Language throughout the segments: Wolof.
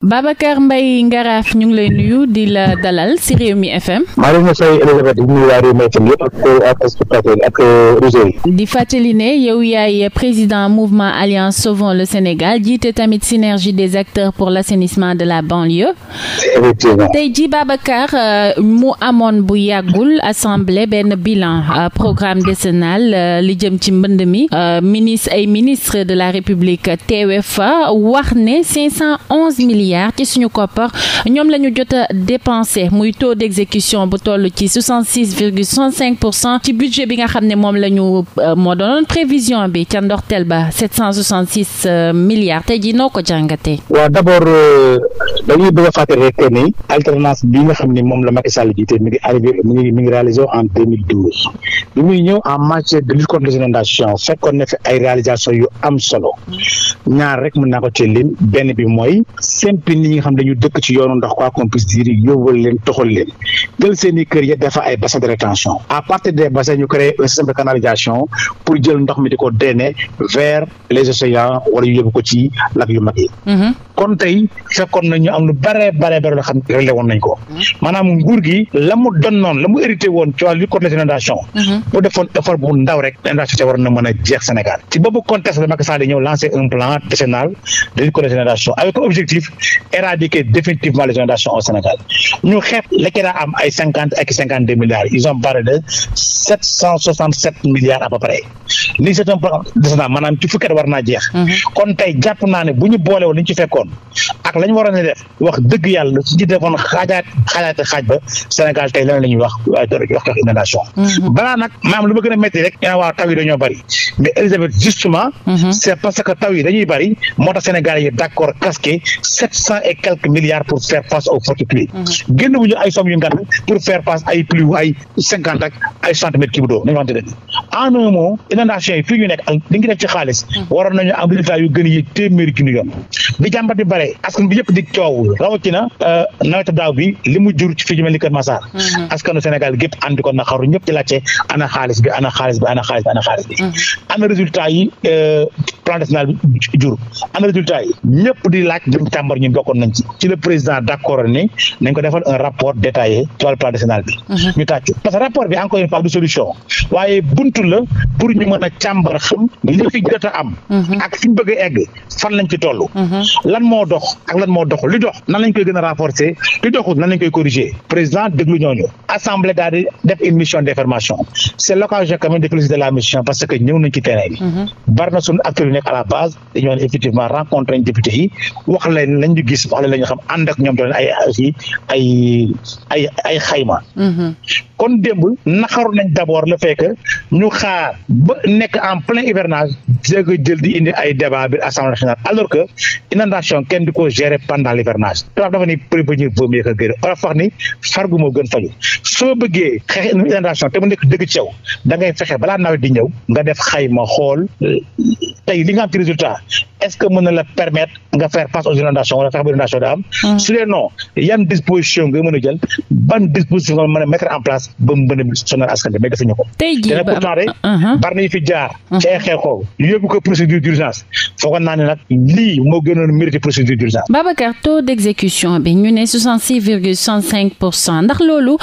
Babacar Mbaye Ngaraf ñu ngi lay nuyu di la dalal ci Rewmi FM. Euh, di fàttali ne yow yaay président mouvement Alliance Sauvons le Sénégal jiite tamit synergie des acteurs pour l'assainissement de la banlieue. effectivement tey jii Babacar euh, mu amoon bu yàggul assemblée benn bilan euh, programme décennal li jëm ci mbënd mi ministre ay ministre de la République teewe fa wax ne 511 millions milliards ci suñu koppar ñoom la ñu jot a dépensé muy taux d' exécution bu toll ci 66 virgule 65 pour cent ci budget bi nga xam ne moom la ñu euh, moo doonoon prévision bi ca ndox ndorteel ba 766 euh, milliards tey jii noo ko jàngatee. waaw d' abord euh, dañuy bëgg a fàttali rek ni alternance bi nga xam ne moom la Macky Sall jiite mi ngi arrivé mi ngi mi en 2012 bi muy ñëw en matière de lutte contre les inondations fekkoon na fi ay réalisation yu am solo ñaar rek mën naa ko ci lim benn bi mooy tromper nit ñi nga xam dañu dëkk ci yoonu ndox quoi qu'on puisse dire leen toxal leen jël seen i kër ya dafa ay bassin de rétention a partir des bassins ñu créé un système de canalisation pour jël ndox mi di ko drainer vers les océans wala ñu yóbbu ci lac yu mag yi mhm. kon tey fekkoon na am lu bare bare bare loo xam ne woon nañ ko mhm. maanaam nguur gi la mu doon hérité woon ci wàllu contre les inondations mhm. defoon bu ndaw rek inondation te war na mën a jeex Sénégal ci boobu contexte éradiquer définitivement les inondations Sénégal ñu am ay cinquante ak cinquante deux milliards ils ont de sept cent soixante sept milliards lii c'est un programme décennal maanaam ci fukki at war naa jeex. Mhm. kon tey jàpp naa ne bu ñu boolewoon li ñu ci fekkoon ak la ñu waroon a def wax dëgg yàlla su ñu defoon xaajaat xaaj ba Sénégal tey leneen la ñuy wax wax wax inondation. Mhm. balaa nag maam lu ma gën a métti rek ñu waaw taw yi dañoo bari mais Elisabeth justement mhm. c'est parce que taw yi dañuy bari moo tax Sénégal yi d'accord casqué sept cent et quelques milliards pour faire face aux fortes pluies. génn wu ñu ay somme yu ngan pour faire politiciens yi fii ñu nekk ak li ngi def ci xaalis waroon nañu am résultat yu gën a yéeg téeméeri yoon bi jàmbat bi bare askan bi euh, fi ñu mel ni Kër Massar mm-hmm. askanu Sénégal gépp àndi ko na xaru ñëpp di laajte ana xaalis bi ana xaalis bi ana xaalis bi ana xaalis bi mm-hmm. ana résultat yi euh, plan national bi jur ana résultat ñëpp di laaj buñ tàmbar ñun bokkoon nañ ci ci le président d'accord ne nañ ko defal un rapport détaillé ci wàllu plan national bi mm-hmm. ñu tàccu parce que rapport bi encore une fois du solution waaye buntu la pour ñu mën a càmbar xam li fi jot a am. Mhm. ak fi ñu bëgg a egg fan lañ ci toll. Mhm. lan moo dox ak lan moo dox li dox nan lañ koy gën a renforcer li doxul nan lañ koy corriger président déglu ñooñu assemblée daal def une mission d'information c'est l'occasion quand même de la mission parce que ñëw nañ ci terrain bi. Mhm. na suñu acteurs nekk à la base dañoo ne effectivement rencontré nañ député yi wax lañ ñu gis wax leen la xam ànd ñoom doon ay xayma. kon démb naxaru nañ nekk en plein hivernage dina ko jël di indi ay débat biir assemblée nationale alors que inondation kenn di ko gérer pendant l'hivernage tubaab dafa ni prévenir vaut te mu nekk dëgg ci yow balaa nawet di ñëw nga def xayma xool euh, tey li nga am ci résultat est-ce que mën na la permettre nga faire face aux inondations wala fexe am mm. su dee non yan disposition nga mën a jël ban disposition nga mën a mettre en place ba mu mën a sonal askan bi mais defuñu ko jaar. Mhm. ci ay xew-xew yóbbu ko procédure d'urgence foogoon naa ne nag lii moo gënoon mérité procédure d'urgence. Babacar taux d'exécution bi ñu ne ndax loolu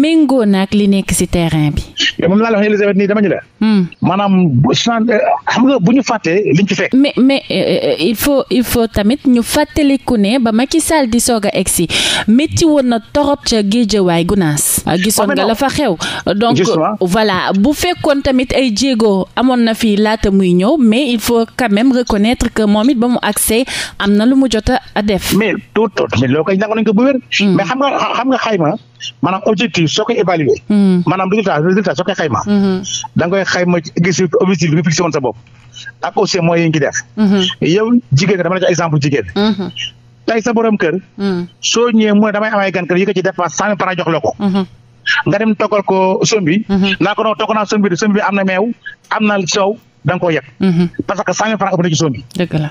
méngoo naag li nekk ci terrain bi. moom laa la wax hmm. euh, nga bu ñu fàttee liñ ci fekk. mais mais euh, euh, il faut il faut tamit ñu ku ne ba Macky Sall di soog a egg si métti woon na torop ca Guédiawaye Gounass. gisoon nga la fa xew donc voilà bu fekkoon tamit ay jéego. ko amoon na fi laata muy ñëw mais il faut quand même reconnaître que moom it ba mu accès am na lu mu jot a def. mais tout tout mais loo koy nangu nañu ko bu wér. Hmm. mais xam nga xam nga xayma maanaam objectif soo koy évaluer. Hmm. maanaam résultat soo koy xayma. Hmm. da xayma objectif bi nga fixé woon sa bopp ak aussi moyens yi ngi def. yow jigéen dama la jox exemple jigéen. tey sa borom kër. soo ñëwee mu ne damay amay gan kër yi ko ci dépense cent mille francs jox la nga dem toggal ko sombi mhm. naa ko noo togg naa sombi de sombi am na meew am da nga koo parce que cent mille francs ëpp na sombi dëgg la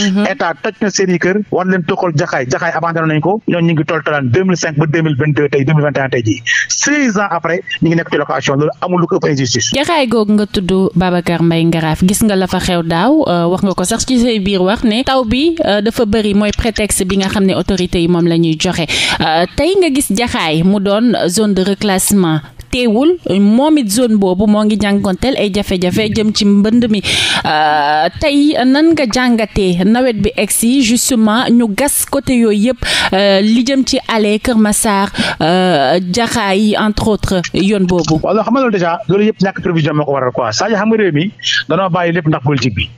Mm-hmm. état toj na seen i kër wan leen toxal jaxaay jaxaay abandonné nañ ko ñoom ñu ngi toll talaan deux mille ba deux mille tey deux ans après ñu ngi nekk ci location loolu amul lu ko jaxaay googu nga tudd Babacar Mbaye Ngaraaf gis nga la fa xew daaw euh, wax nga ko sax ci say biir wax ne taw bi euh, dafa bëri mooy prétexte bi nga xam ne autorité yi moom la ñuy joxe euh, tey nga gis jaxaay mu doon zone de reclassement teewul moom it zone boobu moo ngi jànkonteel ay jafe-jafe jëm ci mbënd mi euh, tey nan nga jàngatee nawet bi egsi justement ñu gas côté yooyu yëpp euh, li jëm ci ale Kër Massar euh, Jaxaay entre autres yoon boobu. waaw loo xam ne loolu yëpp ñàkk prévision moo ko waral quoi Sadio xam nga réew mi danoo bàyyi lépp ndax politique bi.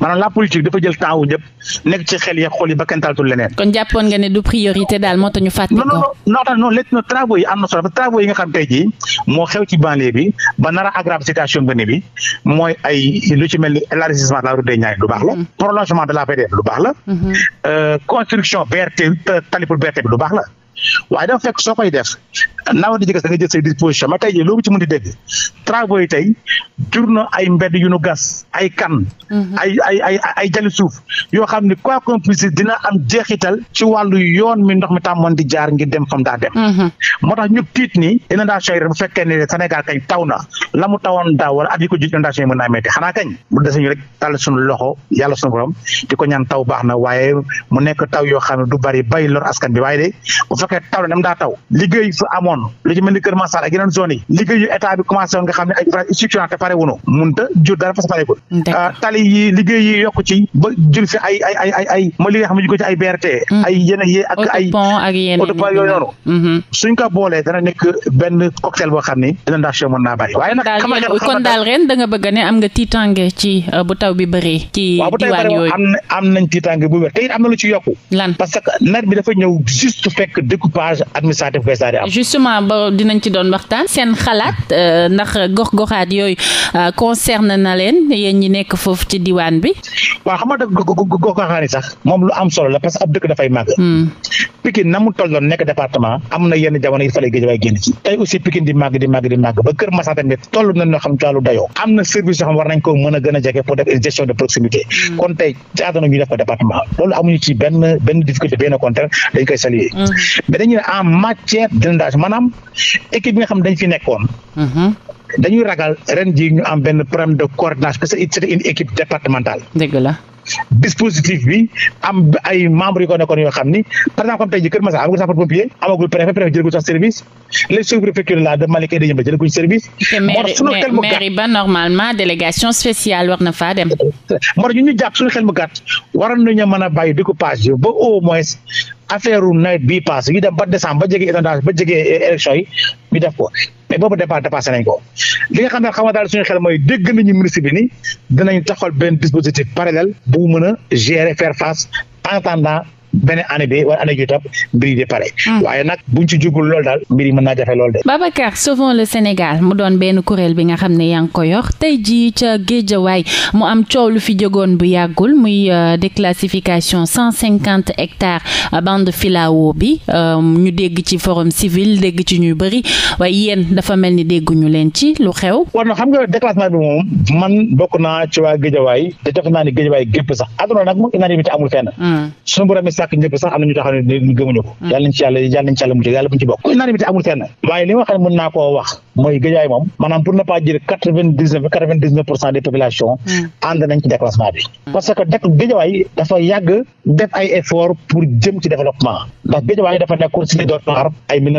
maanaam la politique dafa jël temps wu ñëpp nekk ci xel yi xol yi ba kenn taltul leneen. kon jàppoon nga ne du priorité daal moo tax ñu fàtte ko. non non non non léegi nag travaux yi am na solo parce que yi nga xam tey jii moo xew ci banlieue bi ba nar a aggrave situation bi bi mooy ay lu ci mel ni élargissement de la route des lu baax la. prolongement de la VDN lu baax la. Mhm. Euh, construction BRT euh, tali pour bi lu baax la. waaye dafa fekk soo koy def nawet di jëkk da nga jël disposition ma tey jii loolu ci mën di dégg yi tey jur na ay mbedd yu nu gas ay kan mhm. ay ay ay ay jali suuf yoo xam ni quoi qu'on dina am jeexital ci wàllu yoon mi ndox mi tàmmoon di jaar ngir dem fam daa dem mhm. moo tax ñu tiit ni inondation yi bu fekkee ne Sénégal kañ taw na la mu tawoon daaw wala at yi ko jiit inondation yi mën naa metti xanaa kañ bu dese ñu rek tàll suñu loxo yàlla suñu borom di ko ñaan taw baax na waaye mu nekk taw yoo xam ne du bari bay lor askan bi waaye de kon daal ren da nga bëgg ne am nga tiitange ci euh, bu taw bi bëree ci diwaan yooyu am nañ tiitange bu wér te it am na lu ci yokku lan parce que nawet bi dafa ñëw juste fekk découpage administratif koy saa di am. justement ba dinañ ci doon waxtaan seen xalaat euh, euh, foofu ci diwaan bi. waaw xam nga gox-goxaan yi sax moom lu am solo la parce que ab dëkk dafay màgg. Hmm. Pikine na na yenn jamono yi di màgg di màgg di ba Kër Massa tamit toll nañ loo xam ci dayoo am na service war nañ ko mën a gën a jege pour def gestion de proximité hmm. kon tey jaadu na ñu def ko département loolu amuñu ci benn benn difficulté benn contraire dañ koy saluer hmm. mais dañuy en matière d'inondation maanaam équipe bi nga xam dañ fi nekkoon. Mhm. dañuy ragal ren jii ñu am benn problème de coordination parce que c'est une équipe départementale. dëgg la. dispositif bi am ay membres yu ko nekkoon yoo xam ni par exemple comme tey jii Kër Masar amagul sapeur pompier amagul préfet préfet jëlagul sax service les sous-préfectures là de de Yemba jëlaguñ service. moo sunu xel mu gàtt mairie ba normalement délégation spéciale war na faa dem. moo ñu ñu jàpp sunu xel mu gàtt a bàyyi découpage yi ba au moins affaire u nawet bii paase ñu dem ba décembre ba jege inondation ba jege euh, élection yi ñu def ko mais boobu départ dépassé nañ ko li nga xam ne xamal daal suñu xel mooy dégg nañu ministre bi ni dinañ taxawal benn dispositif parallèle bu mën a gérer faire face en attendant beneen année bi wala ju topp mbir yi hmm. waaye nag buñ ci jugul lool daal mbir yi mën naa jafe lool de. Babacar Sauvons le Sénégal mu doon benn kuréel bi nga xam ne yaa ngi ko yor tey jii ca Géejawaay mu am coow lu fi jegoon bu yàggul muy euh, déclassification cent cinquante hectares euh, bande filao bi euh, ñu dégg ci forum civil dégg ci ñu bëri waaye yéen dafa mel ni dégguñu leen ci lu xew. war na xam nga déclassement bi moom man bokk naa ci waa Géejawaay te def naa ni Géejawaay gépp sax àdduna nag moom ñàkk ñëpp sax am na ñu taxaw ne gëmuñu mm. ci yàlla yàlla nañ ci yàlla mucc yàlla waaye li ma xam ne mën naa koo wax mooy Guédiawaye moom maanaam pour ne pas dire quatre vingt dix nañ ci déclassement bi mm. parce que dëkk Guédiawaye dafa yàgg def ay effort pour jëm ci développement ndax Guédiawaye dafa nekkoon si li door ay mille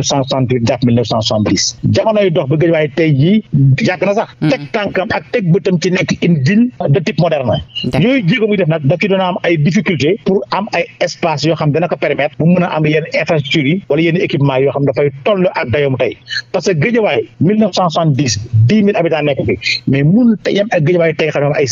dox ba Guédiawaye tey jii yàgg na sax mm. teg tànkam ak teg bëtam ci nekk une ville de type moderne yooyu jéego muy def nag da ci doon ay difficulté place yoo xam dana ko mu mën a am yenn infrastructure yi yenn équipement yoo xam dafay toll ak dayoom tey parce que Guédiawaye mille neuf cent soixante dix dix mille nekk fi mais mun te yem ak Guédiawaye tey xam ne ay yi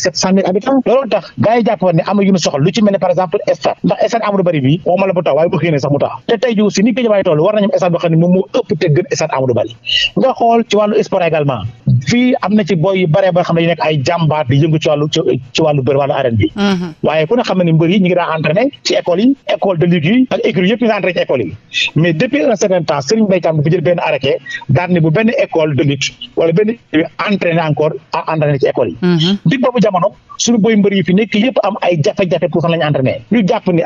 jàpp soxla lu ci mel ne par exemple stade ndax stade Amadou Barry bi waxuma la bu tax waaye bu xëyee sax mu tax te tey jii ni Guédiawaye toll war nañu stade boo xam ne moom moo ëpp te gën stade Amadou Barry nga xool ci wàllu sport également fii am na ci boy bare ba xam ne ñu nekk ay jàmbaar yëngu ci wàllu ci wàllu mhm. waaye ku ne xam mbër yi ñu ngi daan entraîné ci école yi école yi mais depuis un mhm.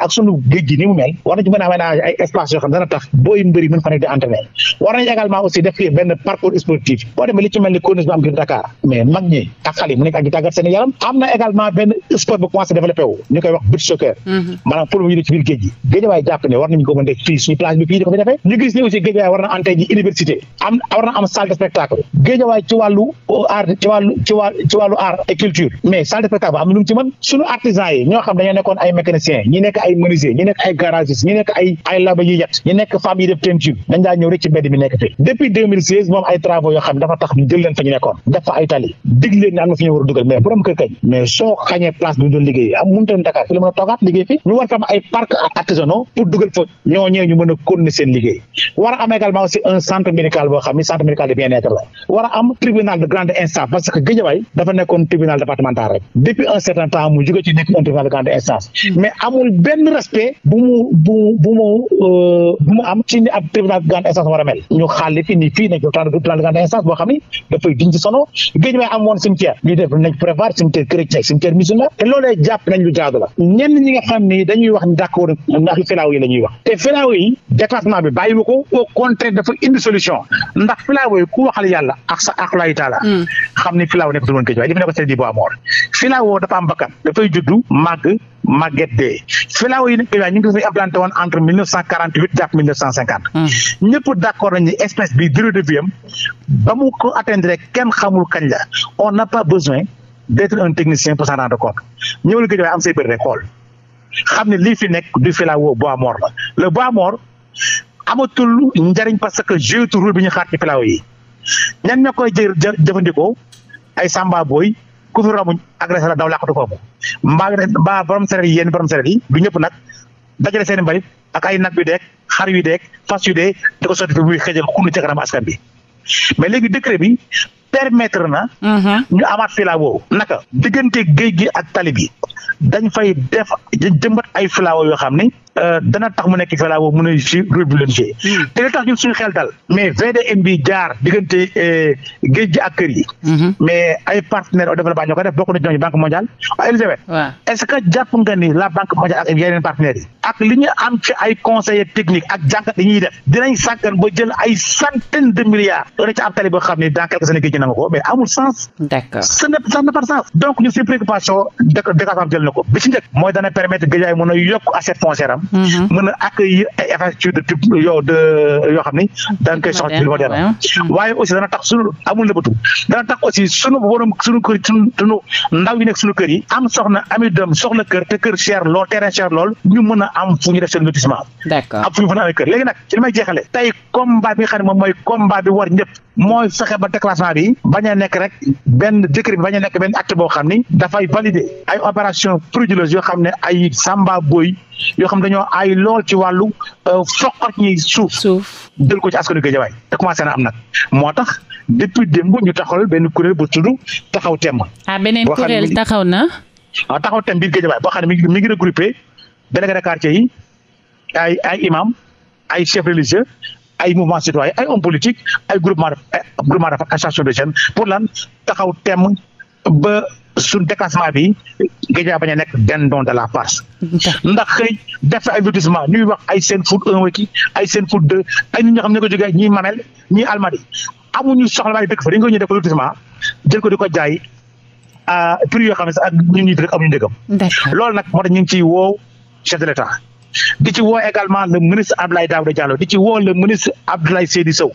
ak suñu géej gi ni mu mel war nañu mën a amee ay espace xam dana tax boy mbër mën fa nekk di entraîné war nañu également aussi def benn parcours sportif boo demee li ci mel ni bu am biir Dakar mais mag ñi ak xale yi mu nekk ak di tàggat seen yaram am na également benn sport bu commencé développé wu ñu koy wax beach soccer mhm. maanaam pour mu yëngu ci biir géej gi géejawaay jàpp ne war nañu ko mën def fii suñu plage bi fii di ko fi defee ñu gis ne aussi géejawaay war na am tey ji université am war na am salle de spectacle géejawaay ci wàllu art ci wàllu ci wàllu ci wàllu art et culture mais salle de spectacle ba am na lu mu ci mën suñu artisans yi ñoo xam dañoo nekkoon ay mécaniciens ñi nekk ay menuisiers ñi nekk ay garagistes ñi nekk ay ay laba yi yet ñi nekk femmes yi def teinture dañ daa ñëw rek ci mbedd mi nekk fi depuis 2016 moom ay travaux yoo xam dafa tax ñu jël leen fa ñu nekkoon def fa ay am na war a dugal mais borom kër kay mais soo xañee place bi liggéey am mënut a Dakar fi la a liggéey fi ñu war fa am ay parc artisanaux pour dugal fa ñooñee ñu mën a continuer seen liggéey war a am également aussi un centre médical boo xam dafa nekkoon tribunal départemental rek depuis un certain temps mu jóge ci nekk un tribunal de grande instance mais amul benn respect bu mu euh, am ci ni ab tribunal grande instance ñu ci sonoo géej may am woon cimetière ñu def nañ prévoir cimetière chrétien cimetière musulman te loolee jàpp nañ lu jaadu la ñenn ñi nga xam ne dañuy wax ni d'accord ndax filaaw yi la ñuy wax te filaaw yi déclassement bi bàyyiwu ko au dafa indi solution ndax filaaw yi ku waxal yàlla ak sa ak laay taala hmm. xam ni filaaw nekkatul woon géej waaye daf ne ko seen di boo amoor dafa am dafay juddu màgg Maguette Deye filao yi nekk ñu ngi fi implanté woon entre mille neuf cent quarante huit hmm. ñëpp d' accord nañu espèce bi durée de vie am ba mu ko atteindre kenn xamul kañ la on n'a pas besoin d' être technicien pour s'en rendre compte ñëwal gëj waaye am say bëri xam ne lii fi nekk du filao bo mort la le bois mort amatul njariñ parce que jeu tour bi ñu xaar ci yi ñan ñoo koy jë jëfandikoo ay samba boy ku fi ramuñ agressé la daw làqatu foofu mbaa borom sareet yi yéen borom sareet yi du ñëpp nag dajale seen mbalit ak ay nag yu deeg xar yu deeg fas yu deeg di ko sotti fi muy xëjal xunn ci askan bi mais léegi décret bi permettre na mhm. ñu amaat filawoo naka diggante géej gi ak tali bi dañ fay def jëmbat ay filawoo yoo xam ne Euh, dana tax mu nekk fela boobu mën a ju rôle bi leen joué hmm. te li tax euh, hmm. na ñooñu banque mondiale waaw ah, Elisabeth ak yeneen partenaires yi ñu am ci ñuy def dinañ sàggan ba jël ay centaines de milliards dona ci am tali boo xam ne de sens am jël na ko bi ci njëkk mooy dana permettre géejaay mën a yokk assiette foncière am Mm-hmm. mën a accueillir ay infrastructures de type yow de yoo xam ni daan koy soxla ci lu moderne waaye aussi dana tax sunu amul nëbbatu dana tax aussi sunu borom sunu kër sunu ndaw yi nekk sunu kër yi am soxna ami doom soxla kër te kër cher lool terrain cher lool ñu mën a am fu ñu def seen lotissement am fu ñu fu a amee kër léegi nag ci li may jeexale tey combat bi nga xam ne moom mooy combat bi war ñëpp mooy fexe ba déclassement bi bañ a nekk rek benn décret bi bañ a nekk benn acte boo xam ni dafay valider ay opération frauduleuse yoo xam ne ay samba boy yoo xam dañoo ay lool ci wàllu euh, foqat ñi suuf. suuf jël ko ci askanu Géejawaay te commencé na am nag moo tax depuis démb ñu taxawal benn kuréel bu tudd taxaw temm. a ah, beneen kuréel taxaw na. ah taxaw temm biir Géejawaay boo xam ne mi ngi mi ngi regroupé délégué de quartier yi ay ay imam ay chef religieux. ay mouvement citoyen ay homme politique ay groupement groupement d'association de jeunes pour lan taxaw temm ba suñ déclassement bi Guédiawaye bañ a nekk dindon de la farce ndax xëy def ay lotissement ñuy wax ay seen foot un weki ay seen foot deux ay nit ñoo xam ne ko jógee ñii Mamel ñii Almadi amuñu soxla waaye dëkk fa dañ ko ñuy def lotissement jël ko di ko jaay à prix yoo xam ne sax ak ñu ñuy dëkk amuñu dëggam loolu nag moo tax ñu ngi ciy woow a de l' di ci woo également le ministre Abdoulaye Daouda Diallo di ci woo le ministre Abdoulaye Seydou Sow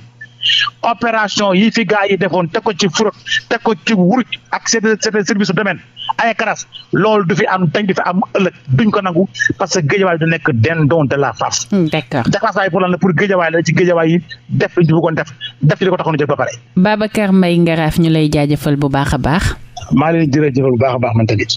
opération yi fi gars yi defoon teg ko ci fraude te ko ci wuruj ak seen seen service domaine ay karas loolu du fi am dañ am ëllëg duñ ko nangu parce que géejawaay du nekk dindon de la face. Hmm, d'accord jaxasaay pour lan la pour géejawaay la ci géejawaay yi def luñ ci bëggoon def def ci li ko taxoon jël ba pare. Babacar Mbaye Ngaraaf ñu lay jaajëfal bu baax a baax. maa leen jërëjëfal bu baax a baax man tamit.